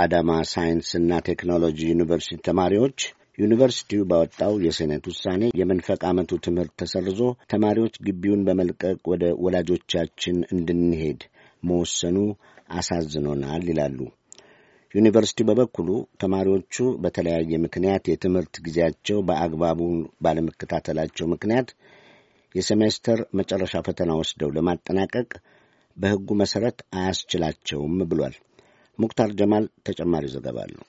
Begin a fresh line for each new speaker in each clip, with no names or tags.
የአዳማ ሳይንስና ቴክኖሎጂ ዩኒቨርሲቲ ተማሪዎች ዩኒቨርሲቲው ባወጣው የሴኔት ውሳኔ የመንፈቅ ዓመቱ ትምህርት ተሰርዞ ተማሪዎች ግቢውን በመልቀቅ ወደ ወላጆቻችን እንድንሄድ መወሰኑ አሳዝኖናል ይላሉ። ዩኒቨርሲቲው በበኩሉ ተማሪዎቹ በተለያየ ምክንያት የትምህርት ጊዜያቸው በአግባቡ ባለመከታተላቸው ምክንያት የሴሜስተር መጨረሻ ፈተና ወስደው ለማጠናቀቅ በሕጉ መሠረት አያስችላቸውም ብሏል። ሙክታር ጀማል ተጨማሪ ዘገባ አለው።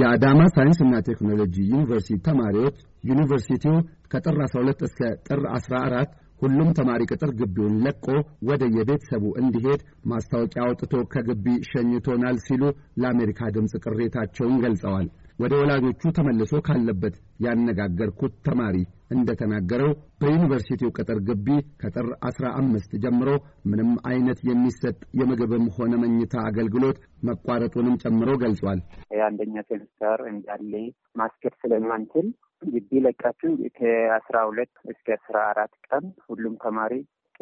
የአዳማ ሳይንስና ቴክኖሎጂ ዩኒቨርሲቲ ተማሪዎች ዩኒቨርሲቲው ከጥር 12 እስከ ጥር 14 ሁሉም ተማሪ ቅጥር ግቢውን ለቆ ወደ የቤተሰቡ እንዲሄድ ማስታወቂያ አውጥቶ ከግቢ ሸኝቶናል ሲሉ ለአሜሪካ ድምፅ ቅሬታቸውን ገልጸዋል። ወደ ወላጆቹ ተመልሶ ካለበት ያነጋገርኩት ተማሪ እንደተናገረው በዩኒቨርሲቲው ቅጥር ግቢ ከጥር አስራ አምስት ጀምሮ ምንም አይነት የሚሰጥ የምግብም ሆነ መኝታ አገልግሎት መቋረጡንም ጨምሮ ገልጿል። የአንደኛ ሴሚስተር እንዳለ ማስኬድ ስለማንችል ግቢ ለቃችሁ ከአስራ ሁለት እስከ አስራ አራት ቀን ሁሉም ተማሪ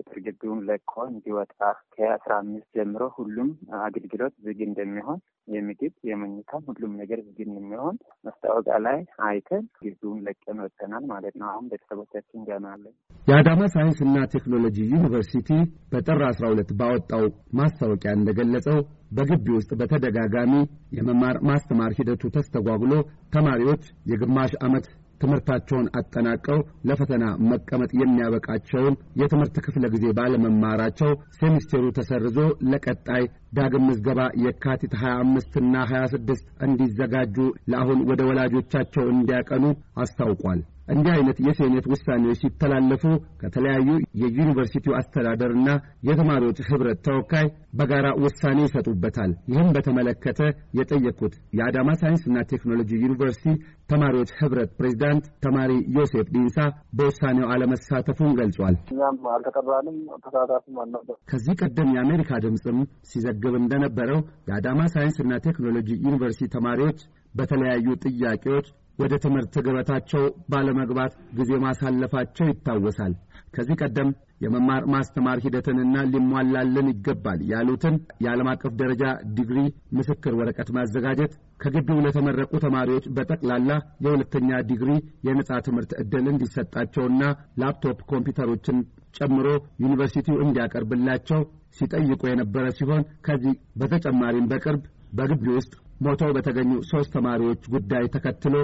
ቅጥር
ግቢውን ለቆ እንዲወጣ ከአስራ አምስት ጀምሮ ሁሉም አገልግሎት ዝግ እንደሚሆን የምግብ፣ የመኝታ ሁሉም ነገር ዝግ እንደሚሆን ማስታወቂያ ላይ አይተን ግቢውን
ለቀን ወጥተናል ማለት ነው። አሁን ቤተሰቦቻችን ገና አለን። የአዳማ ሳይንስና ቴክኖሎጂ ዩኒቨርሲቲ በጥር አስራ ሁለት ባወጣው ማስታወቂያ እንደገለጸው በግቢ ውስጥ በተደጋጋሚ የመማር ማስተማር ሂደቱ ተስተጓጉሎ ተማሪዎች የግማሽ ዓመት ትምህርታቸውን አጠናቀው ለፈተና መቀመጥ የሚያበቃቸውን የትምህርት ክፍለ ጊዜ ባለመማራቸው ሴሚስቴሩ ተሰርዞ ለቀጣይ ዳግም ምዝገባ የካቲት 25ና 26 እንዲዘጋጁ ለአሁን ወደ ወላጆቻቸው እንዲያቀኑ አስታውቋል። እንዲህ አይነት የሴኔት ውሳኔዎች ሲተላለፉ ከተለያዩ የዩኒቨርሲቲው አስተዳደርና የተማሪዎች ህብረት ተወካይ በጋራ ውሳኔ ይሰጡበታል። ይህም በተመለከተ የጠየቅኩት የአዳማ ሳይንስና ቴክኖሎጂ ዩኒቨርሲቲ ተማሪዎች ህብረት ፕሬዚዳንት ተማሪ ዮሴፍ ዲንሳ በውሳኔው አለመሳተፉን ገልጿል።
እኛም አልተጠራንም፣ ተሳታፊም አልነበር።
ከዚህ ቀደም የአሜሪካ ድምፅም ሲዘግብ እንደነበረው የአዳማ ሳይንስና ቴክኖሎጂ ዩኒቨርሲቲ ተማሪዎች በተለያዩ ጥያቄዎች ወደ ትምህርት ገበታቸው ባለመግባት ጊዜ ማሳለፋቸው ይታወሳል። ከዚህ ቀደም የመማር ማስተማር ሂደትንና ሊሟላልን ይገባል ያሉትን የዓለም አቀፍ ደረጃ ዲግሪ ምስክር ወረቀት ማዘጋጀት፣ ከግቢው ለተመረቁ ተማሪዎች በጠቅላላ የሁለተኛ ዲግሪ የነጻ ትምህርት ዕድል እንዲሰጣቸውና ላፕቶፕ ኮምፒውተሮችን ጨምሮ ዩኒቨርሲቲው እንዲያቀርብላቸው ሲጠይቁ የነበረ ሲሆን ከዚህ በተጨማሪም በቅርብ በግቢ ውስጥ ሞተው በተገኙ ሦስት ተማሪዎች ጉዳይ ተከትሎ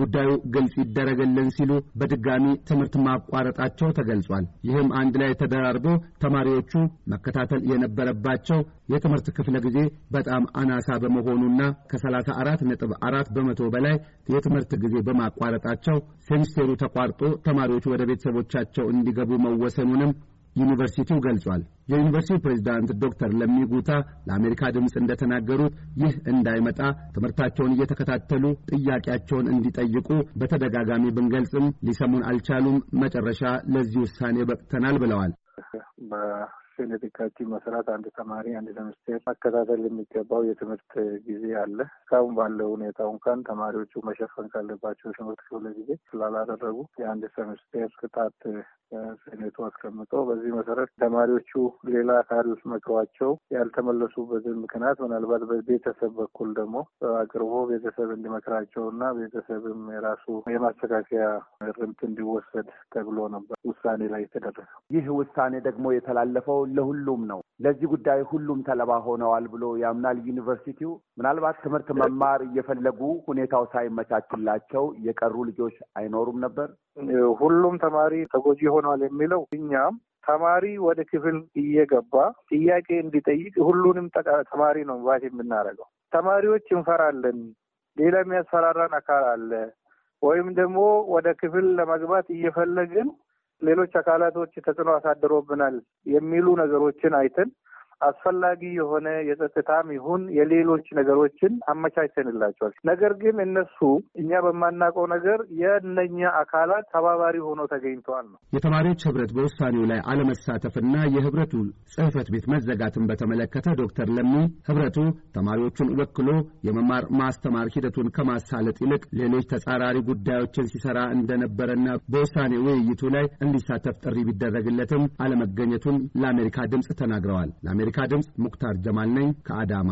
ጉዳዩ ግልጽ ይደረግልን ሲሉ በድጋሚ ትምህርት ማቋረጣቸው ተገልጿል። ይህም አንድ ላይ ተደራርቦ ተማሪዎቹ መከታተል የነበረባቸው የትምህርት ክፍለ ጊዜ በጣም አናሳ በመሆኑና ከሰላሳ አራት ነጥብ አራት በመቶ በላይ የትምህርት ጊዜ በማቋረጣቸው ሴሚስቴሩ ተቋርጦ ተማሪዎቹ ወደ ቤተሰቦቻቸው እንዲገቡ መወሰኑንም ዩኒቨርሲቲው ገልጿል። የዩኒቨርሲቲው ፕሬዚዳንት ዶክተር ለሚጉታ ለአሜሪካ ድምፅ እንደተናገሩት ይህ እንዳይመጣ ትምህርታቸውን እየተከታተሉ ጥያቄያቸውን እንዲጠይቁ በተደጋጋሚ ብንገልጽም ሊሰሙን አልቻሉም። መጨረሻ ለዚህ ውሳኔ በቅተናል ብለዋል።
ዲካቲቭ መሰራት አንድ ተማሪ አንድ ሴምስተር መከታተል የሚገባው የትምህርት ጊዜ አለ። እስካሁን ባለው ሁኔታ እንኳን ተማሪዎቹ መሸፈን ካለባቸው ትምህርት ክፍለ ጊዜ ስላላደረጉ የአንድ ሰምስቴር ቅጣት ሴኔቱ አስቀምጦ በዚህ መሰረት ተማሪዎቹ ሌላ አካል መክሯቸው ያልተመለሱበትን ምክንያት ምናልባት በቤተሰብ በኩል ደግሞ አቅርቦ ቤተሰብ እንዲመክራቸው እና ቤተሰብም የራሱ የማስተካከያ እርምት እንዲወሰድ ተብሎ ነበር ውሳኔ ላይ የተደረሰው። ይህ ውሳኔ ደግሞ የተላለፈው ለሁሉም ነው። ለዚህ ጉዳይ ሁሉም ተለባ ሆነዋል ብሎ ያምናል ዩኒቨርሲቲው። ምናልባት ትምህርት መማር እየፈለጉ ሁኔታው ሳይመቻችላቸው የቀሩ ልጆች አይኖሩም ነበር። ሁሉም ተማሪ ተጎጂ ሆነዋል የሚለው እኛም ተማሪ ወደ ክፍል እየገባ ጥያቄ እንዲጠይቅ ሁሉንም ተማሪ ነው ባት የምናደርገው። ተማሪዎች እንፈራለን፣ ሌላ የሚያስፈራራን አካል አለ ወይም ደግሞ ወደ ክፍል ለመግባት እየፈለግን ሌሎች አካላቶች ተጽዕኖ አሳድሮብናል የሚሉ ነገሮችን አይተን አስፈላጊ የሆነ የጸጥታም ይሁን የሌሎች ነገሮችን አመቻቸንላቸዋል። ነገር ግን እነሱ እኛ በማናውቀው ነገር የእነኛ አካላት ተባባሪ ሆኖ ተገኝተዋል ነው።
የተማሪዎች ህብረት በውሳኔው ላይ አለመሳተፍና የህብረቱ ጽህፈት ቤት መዘጋትን በተመለከተ ዶክተር ለሚ ህብረቱ ተማሪዎቹን ወክሎ የመማር ማስተማር ሂደቱን ከማሳለጥ ይልቅ ሌሎች ተጻራሪ ጉዳዮችን ሲሰራ እንደነበረና በውሳኔ ውይይቱ ላይ እንዲሳተፍ ጥሪ ቢደረግለትም አለመገኘቱን ለአሜሪካ ድምፅ ተናግረዋል። ለአሜሪካ ድምፅ ሙክታር ጀማል ነኝ ከአዳማ